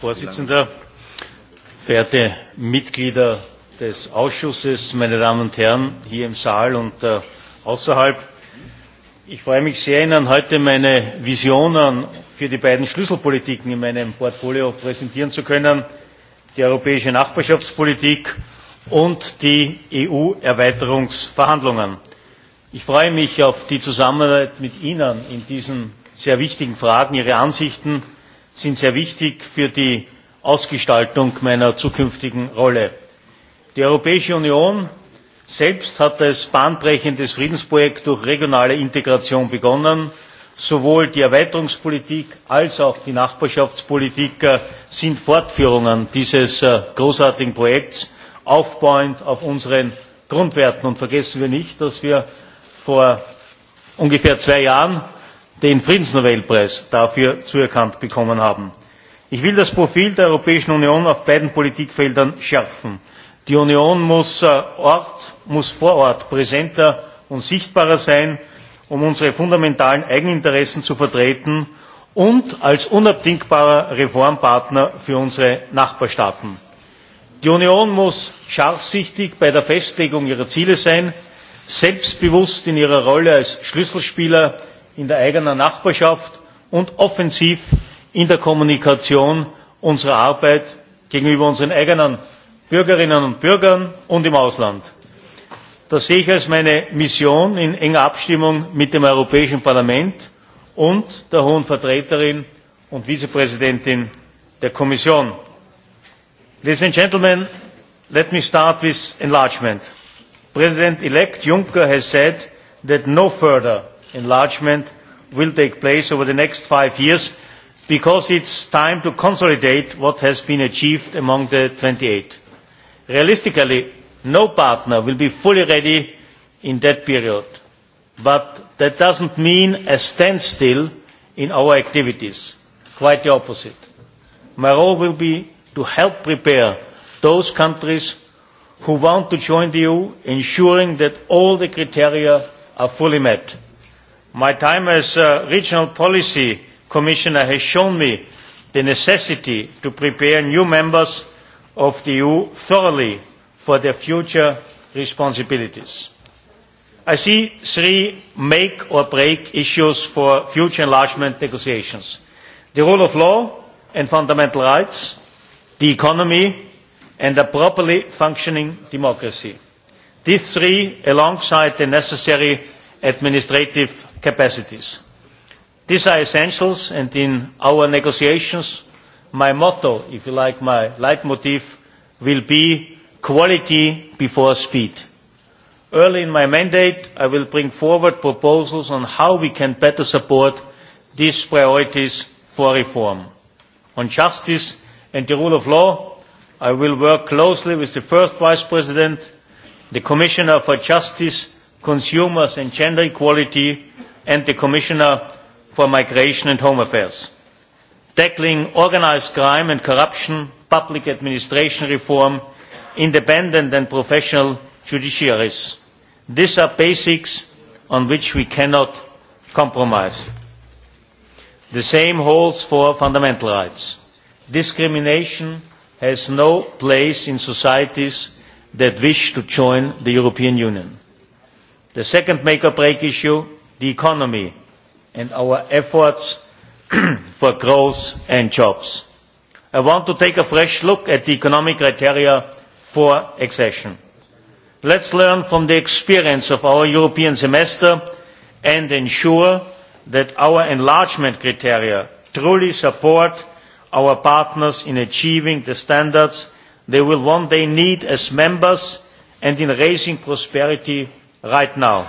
Vorsitzender, verehrte Mitglieder des Ausschusses, meine Damen und Herren hier im Saal und äh, außerhalb. Ich freue mich sehr, Ihnen heute meine Visionen für die beiden Schlüsselpolitiken in meinem Portfolio präsentieren zu können, die europäische Nachbarschaftspolitik und die EU-Erweiterungsverhandlungen. Ich freue mich auf die Zusammenarbeit mit Ihnen in diesen sehr wichtigen Fragen, Ihre Ansichten sind sehr wichtig für die Ausgestaltung meiner zukünftigen Rolle. Die Europäische Union selbst hat als bahnbrechendes Friedensprojekt durch regionale Integration begonnen. Sowohl die Erweiterungspolitik als auch die Nachbarschaftspolitik äh, sind Fortführungen dieses äh, großartigen Projekts, aufbauend auf unseren Grundwerten. Und vergessen wir nicht, dass wir vor ungefähr zwei Jahren den Friedensnobelpreis dafür zuerkannt bekommen haben. Ich will das Profil der Europäischen Union auf beiden Politikfeldern schärfen. Die Union muss, äh, Ort, muss vor Ort präsenter und sichtbarer sein, um unsere fundamentalen Eigeninteressen zu vertreten und als unabdingbarer Reformpartner für unsere Nachbarstaaten. Die Union muss scharfsichtig bei der Festlegung ihrer Ziele sein, selbstbewusst in ihrer Rolle als Schlüsselspieler in der eigenen Nachbarschaft und offensiv in der Kommunikation unserer Arbeit gegenüber unseren eigenen Bürgerinnen und Bürgern und im Ausland. Das sehe ich als meine Mission in enger Abstimmung mit dem Europäischen Parlament und der Hohen Vertreterin und Vizepräsidentin der Kommission. Ladies and gentlemen, let me start with enlargement. President-elect Juncker has said that no further enlargement will take place over the next five years because it's time to consolidate what has been achieved among the 28. Realistically, no partner will be fully ready in that period, but that doesn't mean a standstill in our activities. Quite the opposite. My role will be to help prepare those countries who want to join the EU, ensuring that all the criteria are fully met My time as uh, Regional Policy Commissioner has shown me the necessity to prepare new members of the EU thoroughly for their future responsibilities. I see three make or break issues for future enlargement negotiations. The rule of law and fundamental rights, the economy and a properly functioning democracy. These three, alongside the necessary administrative capacities. These are essentials and in our negotiations my motto, if you like, my leitmotif will be quality before speed. Early in my mandate, I will bring forward proposals on how we can better support these priorities for reform. On justice and the rule of law, I will work closely with the first Vice President, the Commissioner for Justice, Consumers and Gender Equality, and the Commissioner for Migration and Home Affairs. Tackling organized crime and corruption, public administration reform, independent and professional judiciaries. These are basics on which we cannot compromise. The same holds for fundamental rights. Discrimination has no place in societies that wish to join the European Union. The second make or break issue the economy and our efforts for growth and jobs. I want to take a fresh look at the economic criteria for accession. Let's learn from the experience of our European semester and ensure that our enlargement criteria truly support our partners in achieving the standards they will one day need as members and in raising prosperity right now.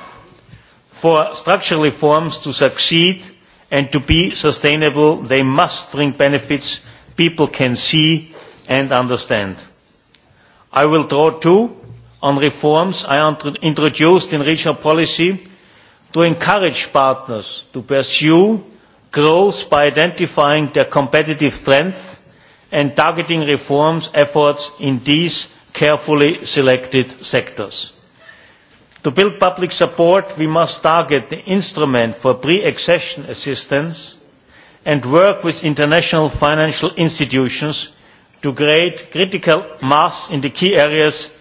For structural reforms to succeed and to be sustainable, they must bring benefits people can see and understand. I will draw two on reforms I introduced in regional policy to encourage partners to pursue growth by identifying their competitive strength and targeting reforms efforts in these carefully selected sectors. To build public support, we must target the instrument for pre-accession assistance and work with international financial institutions to create critical mass in the key areas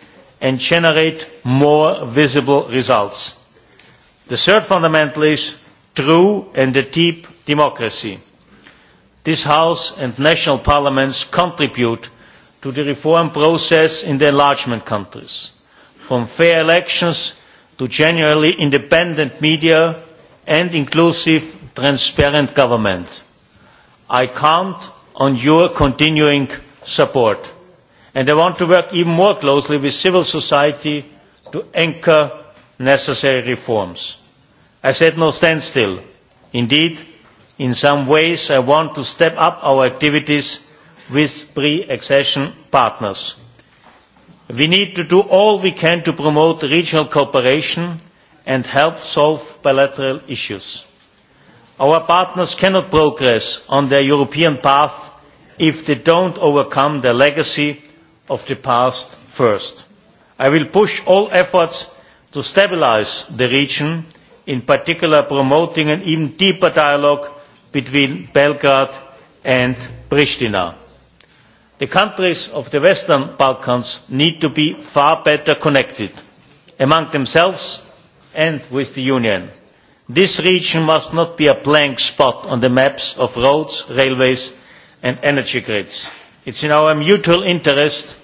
and generate more visible results. The third fundamental is true and a deep democracy. This House and national parliaments contribute to the reform process in the enlargement countries, from fair elections to genuinely independent media and inclusive, transparent government. I count on your continuing support. And I want to work even more closely with civil society to anchor necessary reforms. I said no standstill. Indeed, in some ways I want to step up our activities with pre-accession partners. We need to do all we can to promote regional cooperation and help solve bilateral issues. Our partners cannot progress on their European path if they don't overcome the legacy of the past first. I will push all efforts to stabilize the region, in particular promoting an even deeper dialogue between Belgrade and Pristina the countries of the Western Balkans need to be far better connected among themselves and with the Union. This region must not be a blank spot on the maps of roads, railways and energy grids. It's in our mutual interest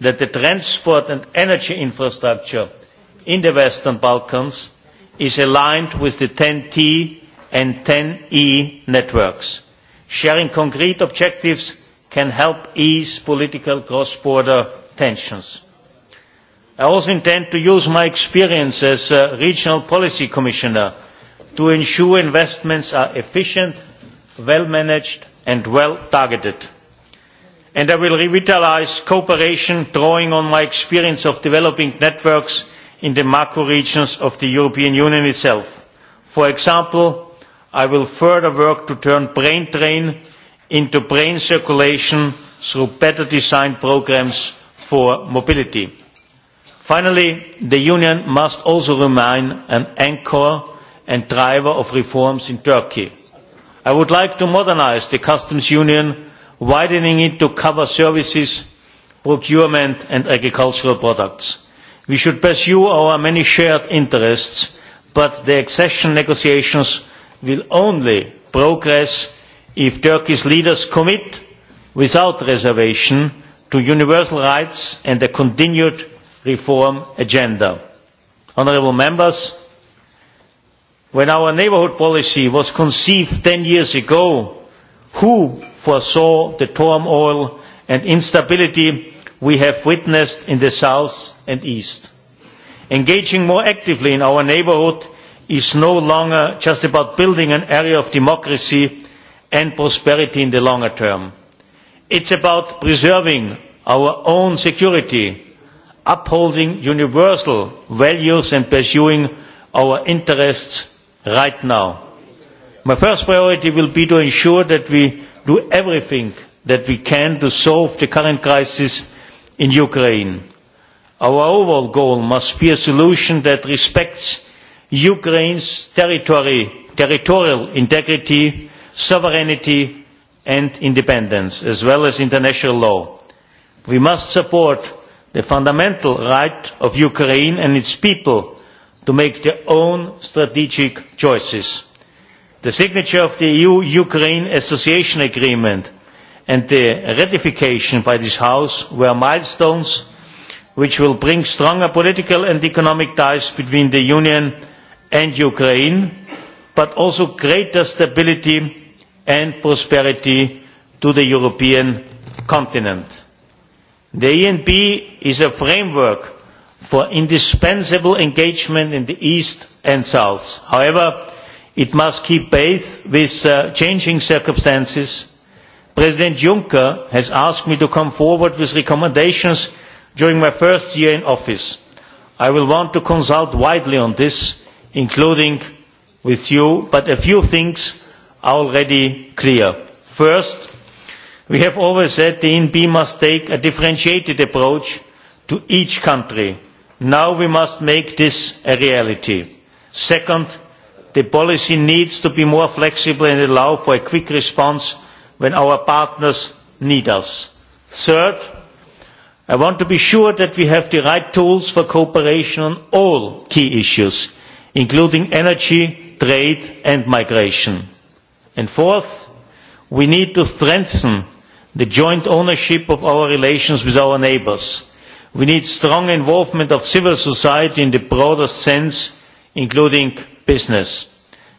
that the transport and energy infrastructure in the Western Balkans is aligned with the 10T and 10E networks, sharing concrete objectives can help ease political cross-border tensions. I also intend to use my experience as a regional policy commissioner to ensure investments are efficient, well managed and well targeted. And I will revitalize cooperation drawing on my experience of developing networks in the macro regions of the European Union itself. For example, I will further work to turn brain drain into brain circulation through better designed programs for mobility. Finally, the Union must also remain an anchor and driver of reforms in Turkey. I would like to modernize the customs union, widening it to cover services, procurement and agricultural products. We should pursue our many shared interests, but the accession negotiations will only progress if Turkey's leaders commit without reservation to universal rights and a continued reform agenda. Honourable members, when our neighbourhood policy was conceived 10 years ago, who foresaw the turmoil and instability we have witnessed in the south and east? Engaging more actively in our neighbourhood is no longer just about building an area of democracy and prosperity in the longer term. It's about preserving our own security, upholding universal values and pursuing our interests right now. My first priority will be to ensure that we do everything that we can to solve the current crisis in Ukraine. Our overall goal must be a solution that respects Ukraine's territory, territorial integrity sovereignty and independence, as well as international law. We must support the fundamental right of Ukraine and its people to make their own strategic choices. The signature of the EU-Ukraine Association Agreement and the ratification by this House were milestones which will bring stronger political and economic ties between the Union and Ukraine but also greater stability and prosperity to the European continent. The ENP is a framework for indispensable engagement in the East and South. However, it must keep pace with uh, changing circumstances. President Juncker has asked me to come forward with recommendations during my first year in office. I will want to consult widely on this, including with you, but a few things are already clear. First, we have always said the ENB must take a differentiated approach to each country. Now we must make this a reality. Second, the policy needs to be more flexible and allow for a quick response when our partners need us. Third, I want to be sure that we have the right tools for cooperation on all key issues, including energy, trade and migration. And fourth, we need to strengthen the joint ownership of our relations with our neighbours. We need strong involvement of civil society in the broadest sense, including business.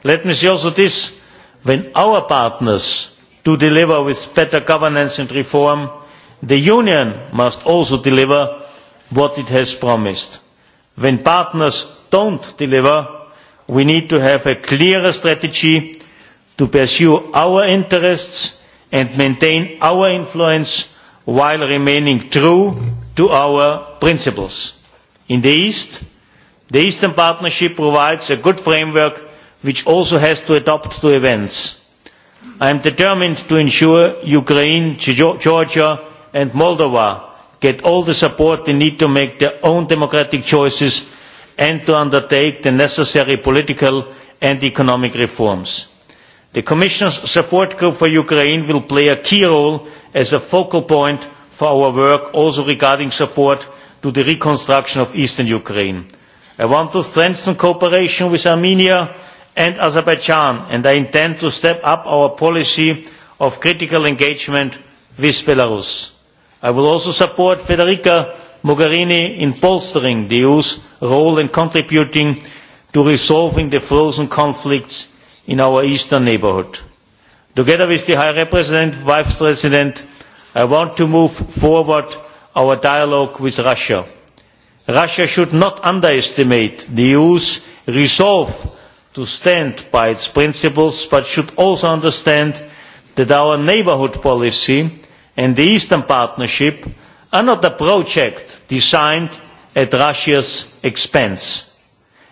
Let me say also this, when our partners do deliver with better governance and reform, the Union must also deliver what it has promised. When partners don't deliver, we need to have a clearer strategy to pursue our interests and maintain our influence while remaining true to our principles. In the East, the Eastern Partnership provides a good framework which also has to adapt to events. I am determined to ensure Ukraine, Georgia and Moldova get all the support they need to make their own democratic choices and to undertake the necessary political and economic reforms. The Commission's support group for Ukraine will play a key role as a focal point for our work also regarding support to the reconstruction of eastern Ukraine. I want to strengthen cooperation with Armenia and Azerbaijan and I intend to step up our policy of critical engagement with Belarus. I will also support Federica Mogherini in bolstering the EU's role in contributing to resolving the frozen conflicts in our eastern neighborhood. Together with the High Representative, Vice President, I want to move forward our dialogue with Russia. Russia should not underestimate the EU's resolve to stand by its principles, but should also understand that our neighborhood policy and the Eastern Partnership another project designed at Russia's expense.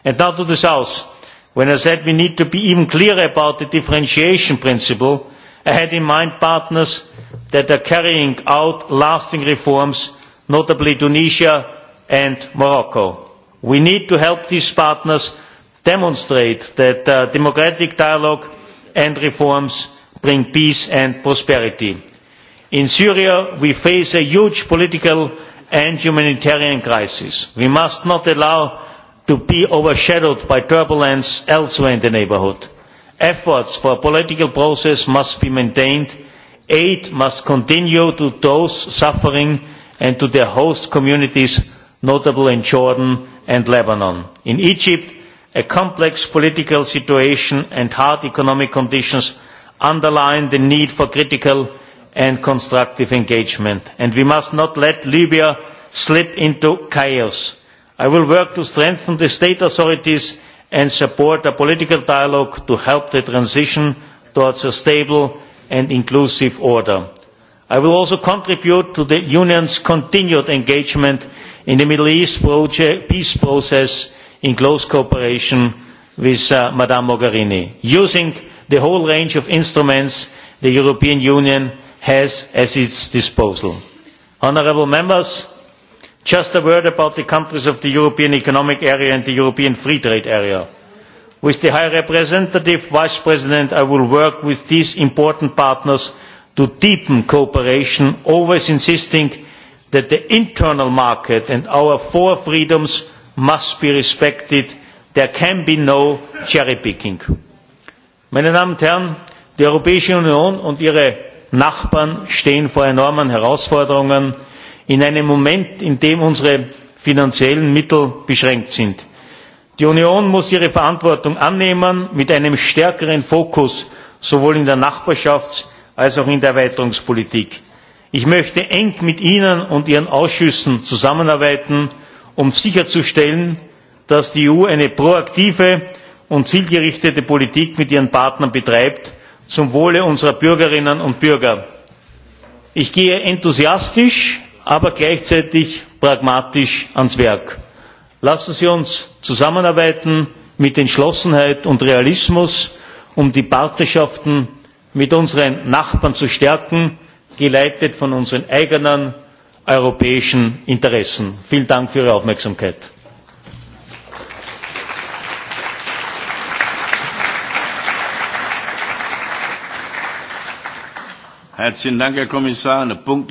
And now to the South. When I said we need to be even clearer about the differentiation principle, I had in mind partners that are carrying out lasting reforms, notably Tunisia and Morocco. We need to help these partners demonstrate that uh, democratic dialogue and reforms bring peace and prosperity. In Syria, we face a huge political and humanitarian crisis. We must not allow to be overshadowed by turbulence elsewhere in the neighborhood. Efforts for a political process must be maintained. Aid must continue to those suffering and to their host communities, notably in Jordan and Lebanon. In Egypt, a complex political situation and hard economic conditions underline the need for critical and constructive engagement. And we must not let Libya slip into chaos. I will work to strengthen the state authorities and support a political dialogue to help the transition towards a stable and inclusive order. I will also contribute to the Union's continued engagement in the Middle East project, peace process in close cooperation with uh, Madame Mogherini, using the whole range of instruments the European Union has at its disposal. Honourable members, just a word about the countries of the European Economic Area and the European Free Trade Area. With the High Representative Vice President, I will work with these important partners to deepen cooperation, always insisting that the internal market and our four freedoms must be respected. There can be no cherry picking. Meine Damen und Herren, die Europäische Union und ihre Nachbarn stehen vor enormen Herausforderungen in einem Moment, in dem unsere finanziellen Mittel beschränkt sind. Die Union muss ihre Verantwortung annehmen mit einem stärkeren Fokus sowohl in der Nachbarschafts- als auch in der Erweiterungspolitik. Ich möchte eng mit Ihnen und Ihren Ausschüssen zusammenarbeiten, um sicherzustellen, dass die EU eine proaktive und zielgerichtete Politik mit ihren Partnern betreibt zum Wohle unserer Bürgerinnen und Bürger. Ich gehe enthusiastisch, aber gleichzeitig pragmatisch ans Werk. Lassen Sie uns zusammenarbeiten mit Entschlossenheit und Realismus, um die Partnerschaften mit unseren Nachbarn zu stärken, geleitet von unseren eigenen europäischen Interessen. Vielen Dank für Ihre Aufmerksamkeit. Herzlichen Dank, Herr Kommissar. Eine Punkt